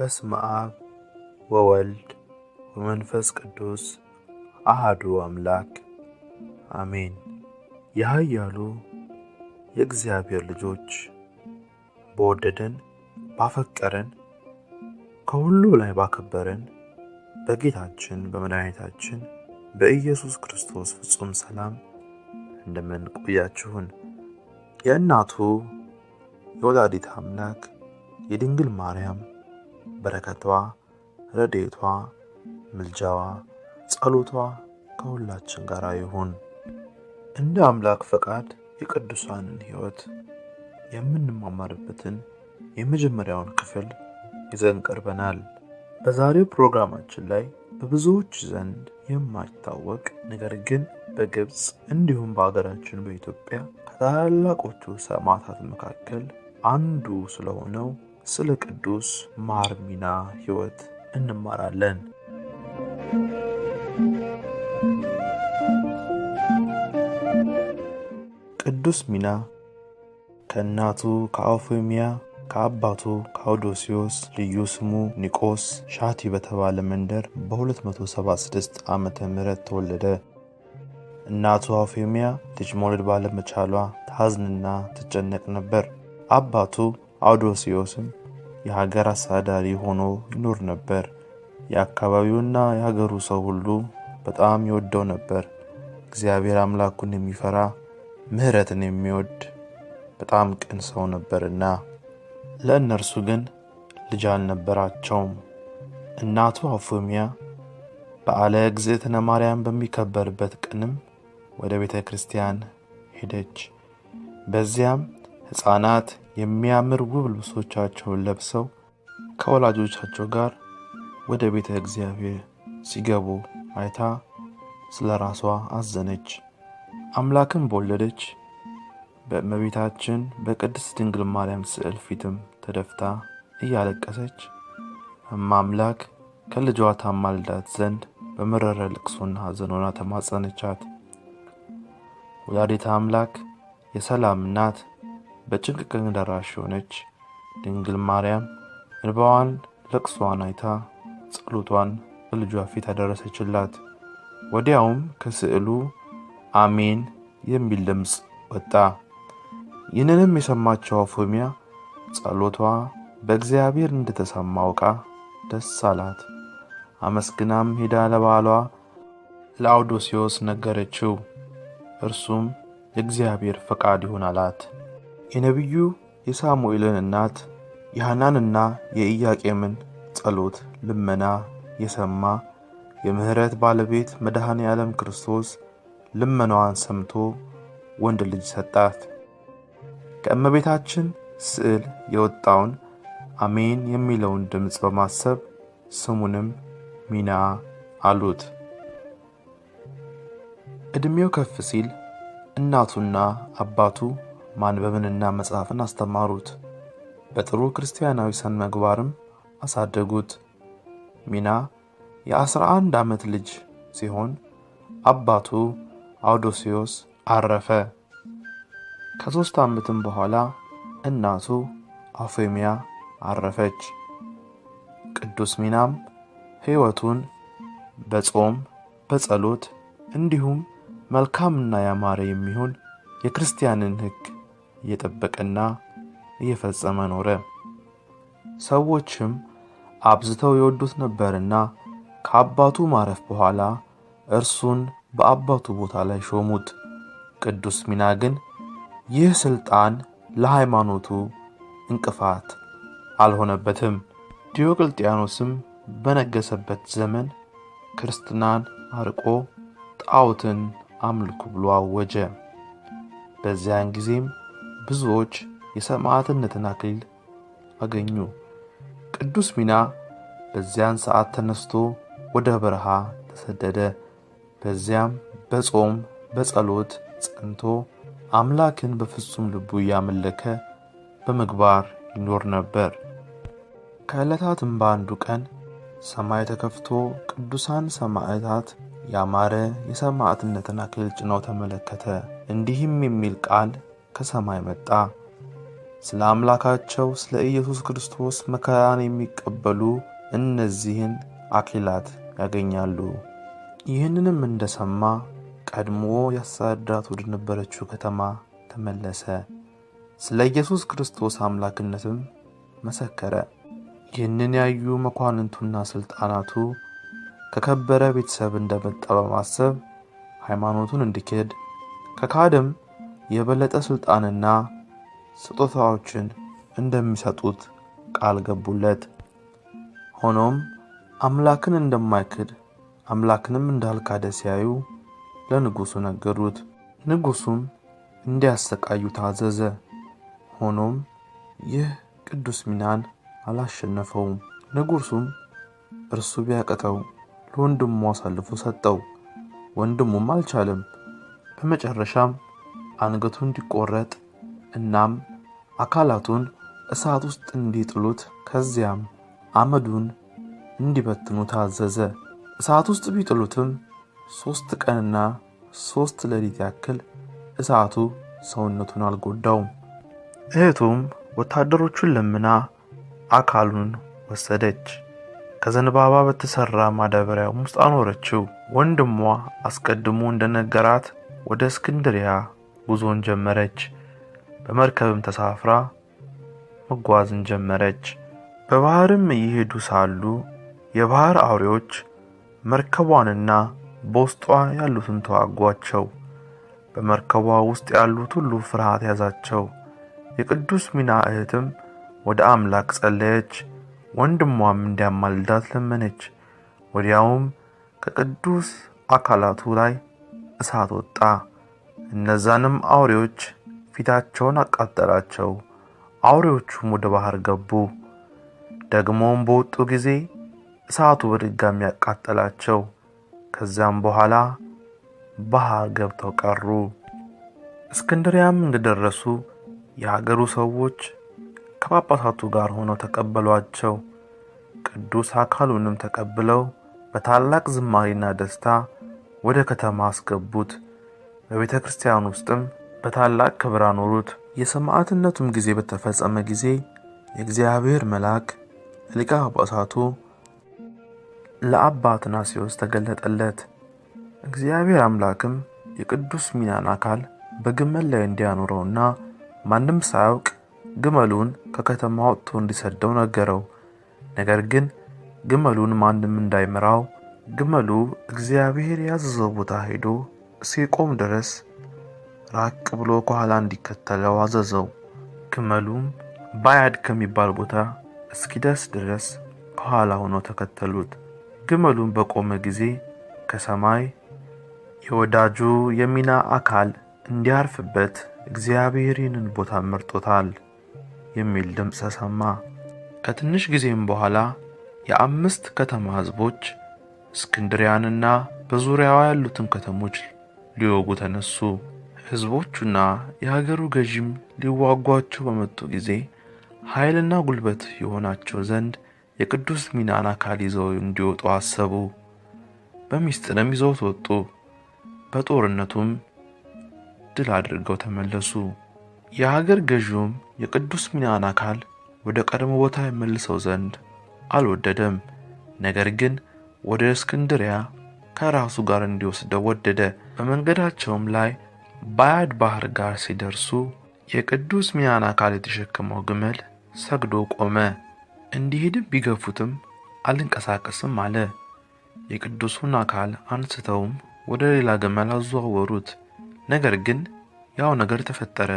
በስመ አብ ወወልድ ወመንፈስ ቅዱስ አሃዱ አምላክ አሜን። የኃያሉ የእግዚአብሔር ልጆች በወደደን ባፈቀረን ከሁሉ ላይ ባከበረን በጌታችን በመድኃኒታችን በኢየሱስ ክርስቶስ ፍጹም ሰላም እንደምን ቆያችሁን? የእናቱ የወላዲት አምላክ የድንግል ማርያም በረከቷ፣ ረዴቷ፣ ምልጃዋ፣ ጸሎቷ ከሁላችን ጋር ይሁን። እንደ አምላክ ፈቃድ የቅዱሳንን ሕይወት የምንማማርበትን የመጀመሪያውን ክፍል ይዘን ቀርበናል። በዛሬው ፕሮግራማችን ላይ በብዙዎች ዘንድ የማይታወቅ ነገር ግን በግብፅ እንዲሁም በሀገራችን በኢትዮጵያ ከታላላቆቹ ሰማዕታት መካከል አንዱ ስለሆነው ስለ ቅዱስ ማር ሚና ሕይወት እንማራለን። ቅዱስ ሚና ከእናቱ ከአውፎሚያ ከአባቱ ከአውዶሲዮስ ልዩ ስሙ ኒቆስ ሻቲ በተባለ መንደር በ276 ዓ ም ተወለደ። እናቱ አውፌሚያ ልጅ መውለድ ባለመቻሏ ታዝንና ትጨነቅ ነበር። አባቱ አውዶስዮስም የሀገር አስተዳዳሪ ሆኖ ይኖር ነበር። የአካባቢውና የሀገሩ ሰው ሁሉ በጣም ይወደው ነበር። እግዚአብሔር አምላኩን የሚፈራ ምሕረትን የሚወድ በጣም ቅን ሰው ነበርና። ለእነርሱ ግን ልጅ አልነበራቸውም። እናቱ አፎሚያ በዓለ እግዝእትነ ማርያም በሚከበርበት ቀንም ወደ ቤተ ክርስቲያን ሄደች። በዚያም ሕፃናት የሚያምር ውብ ልብሶቻቸውን ለብሰው ከወላጆቻቸው ጋር ወደ ቤተ እግዚአብሔር ሲገቡ አይታ ስለ ራሷ አዘነች። አምላክን በወለደች በእመቤታችን በቅድስት ድንግል ማርያም ስዕል ፊትም ተደፍታ እያለቀሰች እማ አምላክ ከልጇ ታማልዳት ዘንድ በመረረ ልቅሶና ሐዘን ሆና ተማጸነቻት። ወላዲተ አምላክ የሰላም እናት በጭንቅ ቀን ደራሽ የሆነች ድንግል ማርያም እንባዋን ለቅሷን አይታ ጸሎቷን በልጇ ፊት አደረሰችላት። ወዲያውም ከስዕሉ አሜን የሚል ድምፅ ወጣ። ይህንንም የሰማችው አፎሚያ ጸሎቷ በእግዚአብሔር እንደተሰማ አውቃ ደስ አላት። አመስግናም ሄዳ ለባሏ ለአውዶሲዎስ ነገረችው። እርሱም የእግዚአብሔር ፈቃድ ይሆን አላት። የነቢዩ የሳሙኤልን እናት የሐናንና የኢያቄምን ጸሎት ልመና የሰማ የምህረት ባለቤት መድኃኔ ዓለም ክርስቶስ ልመናዋን ሰምቶ ወንድ ልጅ ሰጣት። ከእመቤታችን ስዕል የወጣውን አሜን የሚለውን ድምፅ በማሰብ ስሙንም ሚና አሉት። ዕድሜው ከፍ ሲል እናቱና አባቱ ማንበብንና መጽሐፍን አስተማሩት። በጥሩ ክርስቲያናዊ ሰን መግባርም አሳደጉት። ሚና የ11 ዓመት ልጅ ሲሆን አባቱ አውዶሲዮስ አረፈ። ከሦስት ዓመትም በኋላ እናቱ አፎሚያ አረፈች። ቅዱስ ሚናም ሕይወቱን በጾም በጸሎት እንዲሁም መልካምና ያማረ የሚሆን የክርስቲያንን ሕግ እየጠበቀና እየፈጸመ ኖረ። ሰዎችም አብዝተው የወዱት ነበርና ከአባቱ ማረፍ በኋላ እርሱን በአባቱ ቦታ ላይ ሾሙት። ቅዱስ ሚና ግን ይህ ስልጣን ለሃይማኖቱ እንቅፋት አልሆነበትም። ዲዮቅልጥያኖስም በነገሰበት ዘመን ክርስትናን አርቆ ጣዖትን አምልኩ ብሎ አወጀ። በዚያን ጊዜም ብዙዎች የሰማዕትነትን አክሊል አገኙ። ቅዱስ ሚና በዚያን ሰዓት ተነስቶ ወደ በረሃ ተሰደደ። በዚያም በጾም በጸሎት ጸንቶ አምላክን በፍጹም ልቡ እያመለከ በምግባር ይኖር ነበር። ከዕለታትም በአንዱ ቀን ሰማይ ተከፍቶ ቅዱሳን ሰማዕታት ያማረ የሰማዕትነትን አክሊል ጭነው ተመለከተ። እንዲህም የሚል ቃል ከሰማይ መጣ። ስለ አምላካቸው ስለ ኢየሱስ ክርስቶስ መከራን የሚቀበሉ እነዚህን አኪላት ያገኛሉ። ይህንንም እንደሰማ ቀድሞ ያሳዳት ወደ ነበረችው ከተማ ተመለሰ። ስለ ኢየሱስ ክርስቶስ አምላክነትም መሰከረ። ይህንን ያዩ መኳንንቱና ስልጣናቱ ከከበረ ቤተሰብ እንደመጣ በማሰብ ሃይማኖቱን እንዲክድ ከካድም የበለጠ ስልጣንና ስጦታዎችን እንደሚሰጡት ቃል ገቡለት። ሆኖም አምላክን እንደማይክድ አምላክንም እንዳልካደ ሲያዩ ለንጉሡ ነገሩት። ንጉሡም እንዲያሰቃዩ ታዘዘ። ሆኖም ይህ ቅዱስ ሚናን አላሸነፈውም። ንጉሡም እርሱ ቢያቅተው ለወንድሙ አሳልፎ ሰጠው። ወንድሙም አልቻለም። በመጨረሻም አንገቱ እንዲቆረጥ እናም አካላቱን እሳት ውስጥ እንዲጥሉት ከዚያም አመዱን እንዲበትኑ ታዘዘ። እሳት ውስጥ ቢጥሉትም ሶስት ቀንና ሶስት ሌሊት ያክል እሳቱ ሰውነቱን አልጎዳውም። እህቱም ወታደሮቹን ለምና አካሉን ወሰደች፣ ከዘንባባ በተሰራ ማዳበሪያም ውስጥ አኖረችው። ወንድሟ አስቀድሞ እንደነገራት ወደ እስክንድሪያ ጉዞን ጀመረች። በመርከብም ተሳፍራ መጓዝን ጀመረች። በባህርም እየሄዱ ሳሉ የባህር አውሬዎች መርከቧንና በውስጧ ያሉትን ተዋጓቸው። በመርከቧ ውስጥ ያሉት ሁሉ ፍርሃት ያዛቸው። የቅዱስ ሚና እህትም ወደ አምላክ ጸለየች፣ ወንድሟም እንዲያማልዳት ለመነች። ወዲያውም ከቅዱስ አካላቱ ላይ እሳት ወጣ። እነዛንም አውሬዎች ፊታቸውን አቃጠላቸው። አውሬዎቹም ወደ ባህር ገቡ። ደግሞም በወጡ ጊዜ እሳቱ በድጋሚ ያቃጠላቸው። ከዚያም በኋላ ባህር ገብተው ቀሩ። እስክንድሪያም እንደደረሱ የሀገሩ ሰዎች ከጳጳሳቱ ጋር ሆነው ተቀበሏቸው። ቅዱስ አካሉንም ተቀብለው በታላቅ ዝማሬና ደስታ ወደ ከተማ አስገቡት። በቤተ ክርስቲያን ውስጥም በታላቅ ክብር አኖሩት። የሰማዕትነቱም ጊዜ በተፈጸመ ጊዜ የእግዚአብሔር መልአክ ሊቀ ጳጳሳቱ ለአባ አትናሲዎስ ተገለጠለት። እግዚአብሔር አምላክም የቅዱስ ሚናን አካል በግመል ላይ እንዲያኖረውና ማንም ሳያውቅ ግመሉን ከከተማ ወጥቶ እንዲሰደው ነገረው። ነገር ግን ግመሉን ማንም እንዳይመራው ግመሉ እግዚአብሔር ያዘዘው ቦታ ሄዶ እስኪቆም ድረስ ራቅ ብሎ ከኋላ እንዲከተለው አዘዘው። ግመሉም ባያድ ከሚባል ቦታ እስኪደርስ ድረስ ከኋላ ሆነው ተከተሉት። ግመሉም በቆመ ጊዜ ከሰማይ የወዳጁ የሚና አካል እንዲያርፍበት እግዚአብሔር ይህንን ቦታ መርጦታል የሚል ድምፅ ተሰማ። ከትንሽ ጊዜም በኋላ የአምስት ከተማ ሕዝቦች እስክንድሪያንና በዙሪያዋ ያሉትን ከተሞች ሊወጉ ተነሱ። ሕዝቦቹና የሀገሩ ገዥም ሊዋጓቸው በመጡ ጊዜ ኃይልና ጉልበት የሆናቸው ዘንድ የቅዱስ ሚናን አካል ይዘው እንዲወጡ አሰቡ። በሚስጥርም ይዘውት ወጡ። በጦርነቱም ድል አድርገው ተመለሱ። የሀገር ገዢውም የቅዱስ ሚናን አካል ወደ ቀድሞ ቦታ የመልሰው ዘንድ አልወደደም። ነገር ግን ወደ እስክንድሪያ ከራሱ ጋር እንዲወስደው ወደደ። በመንገዳቸውም ላይ ባያድ ባህር ጋር ሲደርሱ የቅዱስ ሚያን አካል የተሸከመው ግመል ሰግዶ ቆመ። እንዲሄድም ቢገፉትም አልንቀሳቀስም አለ። የቅዱሱን አካል አንስተውም ወደ ሌላ ግመል አዘዋወሩት። ነገር ግን ያው ነገር ተፈጠረ።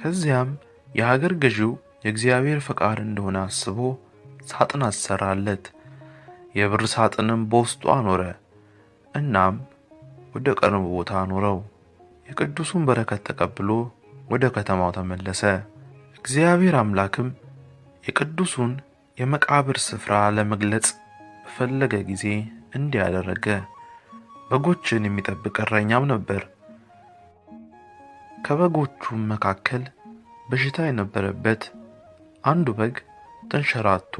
ከዚያም የሀገር ገዢው የእግዚአብሔር ፈቃድ እንደሆነ አስቦ ሳጥን አሰራለት። የብር ሳጥንም በውስጡ አኖረ። እናም ወደ ቀርብ ቦታ አኖረው። የቅዱሱን በረከት ተቀብሎ ወደ ከተማው ተመለሰ። እግዚአብሔር አምላክም የቅዱሱን የመቃብር ስፍራ ለመግለጽ በፈለገ ጊዜ እንዲህ በጎችን የሚጠብቅ እረኛም ነበር። ከበጎቹም መካከል በሽታ የነበረበት አንዱ በግ ተንሸራቶ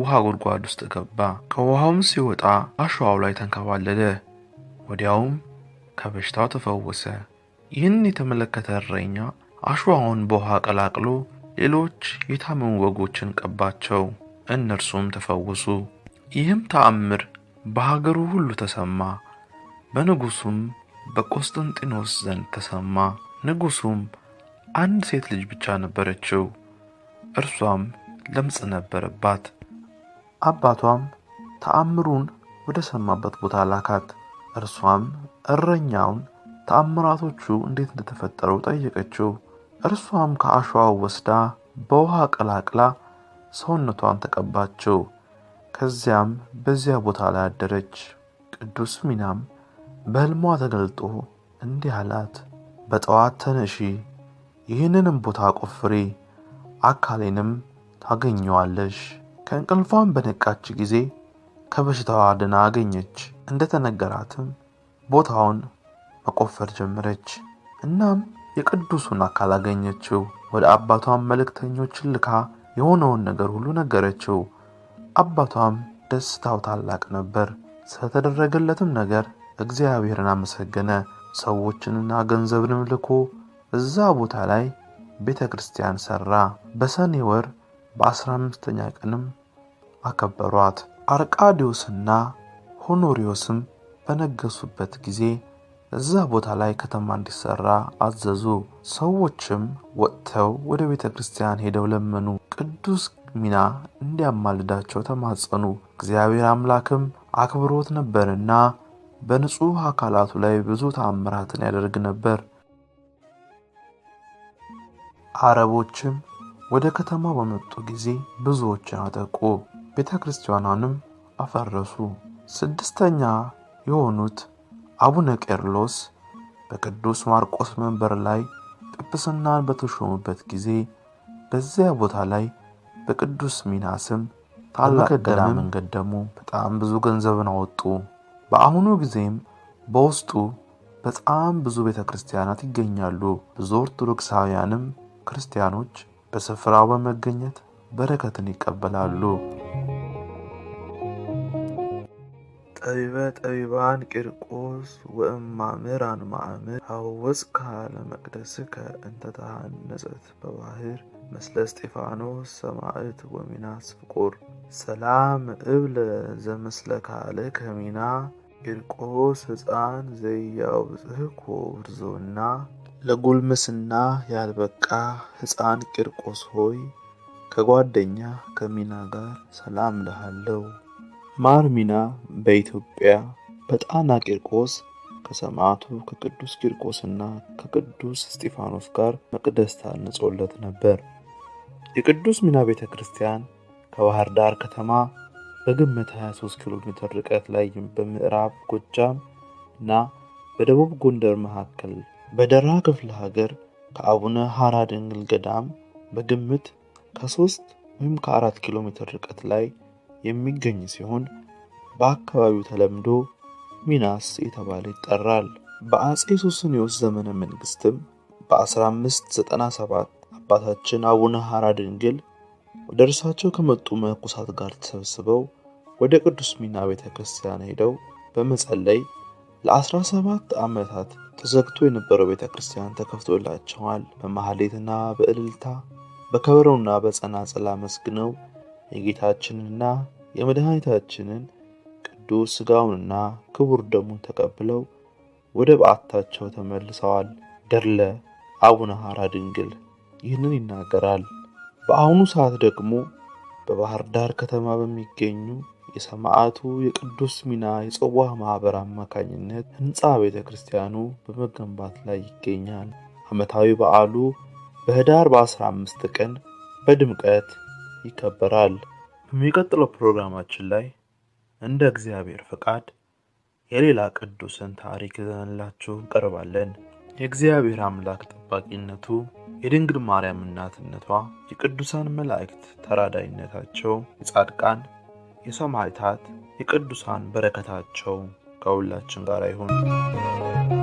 ውሃ ጉድጓድ ውስጥ ገባ። ከውሃውም ሲወጣ አሸዋው ላይ ተንከባለለ። ወዲያውም ከበሽታው ተፈወሰ። ይህን የተመለከተ እረኛ አሸዋውን በውሃ ቀላቅሎ ሌሎች የታመሙ በጎችን ቀባቸው፣ እነርሱም ተፈወሱ። ይህም ተአምር በሀገሩ ሁሉ ተሰማ። በንጉሱም በቆስጠንጢኖስ ዘንድ ተሰማ። ንጉሱም አንድ ሴት ልጅ ብቻ ነበረችው፣ እርሷም ለምጽ ነበረባት። አባቷም ተአምሩን ወደ ሰማበት ቦታ ላካት። እርሷም እረኛውን ተአምራቶቹ እንዴት እንደተፈጠረው ጠየቀችው። እርሷም ከአሸዋው ወስዳ በውሃ ቀላቅላ ሰውነቷን ተቀባችው። ከዚያም በዚያ ቦታ ላይ አደረች። ቅዱስ ሚናም በሕልሟ ተገልጦ እንዲህ አላት፣ በጠዋት ተነሺ፣ ይህንንም ቦታ ቆፍሪ፣ አካሌንም ታገኘዋለሽ ከእንቅልፏን በነቃች ጊዜ ከበሽታዋ ድና አገኘች። እንደተነገራትም ቦታውን መቆፈር ጀመረች። እናም የቅዱሱን አካል አገኘችው። ወደ አባቷም መልእክተኞችን ልካ የሆነውን ነገር ሁሉ ነገረችው። አባቷም ደስታው ታላቅ ነበር። ስለተደረገለትም ነገር እግዚአብሔርን አመሰገነ። ሰዎችንና ገንዘብንም ልኮ እዛ ቦታ ላይ ቤተ ክርስቲያን ሰራ። በሰኔ ወር በአስራ አምስተኛ ቀንም አከበሯት። አርቃዲዎስና ሆኖሪዎስም በነገሱበት ጊዜ እዛ ቦታ ላይ ከተማ እንዲሰራ አዘዙ። ሰዎችም ወጥተው ወደ ቤተ ክርስቲያን ሄደው ለመኑ። ቅዱስ ሚና እንዲያማልዳቸው ተማጸኑ። እግዚአብሔር አምላክም አክብሮት ነበርና በንጹሕ አካላቱ ላይ ብዙ ተአምራትን ያደርግ ነበር። አረቦችም ወደ ከተማው በመጡ ጊዜ ብዙዎችን አጠቁ። ቤተ ክርስቲያኗንም አፈረሱ። ስድስተኛ የሆኑት አቡነ ቄርሎስ በቅዱስ ማርቆስ መንበር ላይ ጵጵስናን በተሾሙበት ጊዜ በዚያ ቦታ ላይ በቅዱስ ሚናስም ታላቅ ገዳምን ገደሙ። በጣም ብዙ ገንዘብን አወጡ። በአሁኑ ጊዜም በውስጡ በጣም ብዙ ቤተ ክርስቲያናት ይገኛሉ። ብዙ ኦርቶዶክሳውያንም ክርስቲያኖች በስፍራው በመገኘት በረከትን ይቀበላሉ። ጠቢበ ጠቢባን ቂርቆስ ወእማምራን ማእምር ካለ መቅደስ እንተ ተሃነጸት በባህር ምስለ እስጢፋኖስ ሰማዕት ወሚናስ ፍቁር ሰላም እብለ ዘምስለ ካለ ከሚና ቂርቆስ ሕፃን ዘያውጽሕኮ ውርዞና ለጉልምስና ያልበቃ ሕፃን ቂርቆስ ሆይ ከጓደኛ ከሚና ጋር ሰላም ልሃለው። ማር ሚና በኢትዮጵያ በጣና ቂርቆስ ከሰማዕቱ ከቅዱስ ቂርቆስና ከቅዱስ እስጢፋኖስ ጋር መቅደስ ታንጾለት ነበር። የቅዱስ ሚና ቤተ ክርስቲያን ከባህር ዳር ከተማ በግምት 23 ኪሎ ሜትር ርቀት ላይ በምዕራብ ጎጃም እና በደቡብ ጎንደር መካከል በደራ ክፍለ ሀገር ከአቡነ ሐራ ድንግል ገዳም በግምት ከሶስት ወይም ከአራት ኪሎ ሜትር ርቀት ላይ የሚገኝ ሲሆን በአካባቢው ተለምዶ ሚናስ የተባለ ይጠራል። በአጼ ሱስንዮስ ዘመነ መንግስትም በ1597 አባታችን አቡነ ሐራ ድንግል ወደ እርሳቸው ከመጡ መነኮሳት ጋር ተሰብስበው ወደ ቅዱስ ሚና ቤተ ክርስቲያን ሄደው በመጸለይ ለ17 ዓመታት ተዘግቶ የነበረው ቤተ ክርስቲያን ተከፍቶላቸዋል። በመሐሌትና በእልልታ በከበሮና በጸናጽል አመስግነው የጌታችንና የመድኃኒታችንን ቅዱስ ሥጋውንና ክቡር ደሙን ተቀብለው ወደ በዓታቸው ተመልሰዋል። ገድለ አቡነ ሐራ ድንግል ይህንን ይናገራል። በአሁኑ ሰዓት ደግሞ በባህር ዳር ከተማ በሚገኙ የሰማዕቱ የቅዱስ ሚና የጽዋ ማኅበር አማካኝነት ሕንፃ ቤተ ክርስቲያኑ በመገንባት ላይ ይገኛል። ዓመታዊ በዓሉ በህዳር በ15 ቀን በድምቀት ይከበራል። በሚቀጥለው ፕሮግራማችን ላይ እንደ እግዚአብሔር ፈቃድ የሌላ ቅዱስን ታሪክ ይዘንላችሁ እንቀርባለን። የእግዚአብሔር አምላክ ጠባቂነቱ፣ የድንግል ማርያም እናትነቷ፣ የቅዱሳን መላእክት ተራዳይነታቸው፣ የጻድቃን የሰማዕታት የቅዱሳን በረከታቸው ከሁላችን ጋር ይሁን።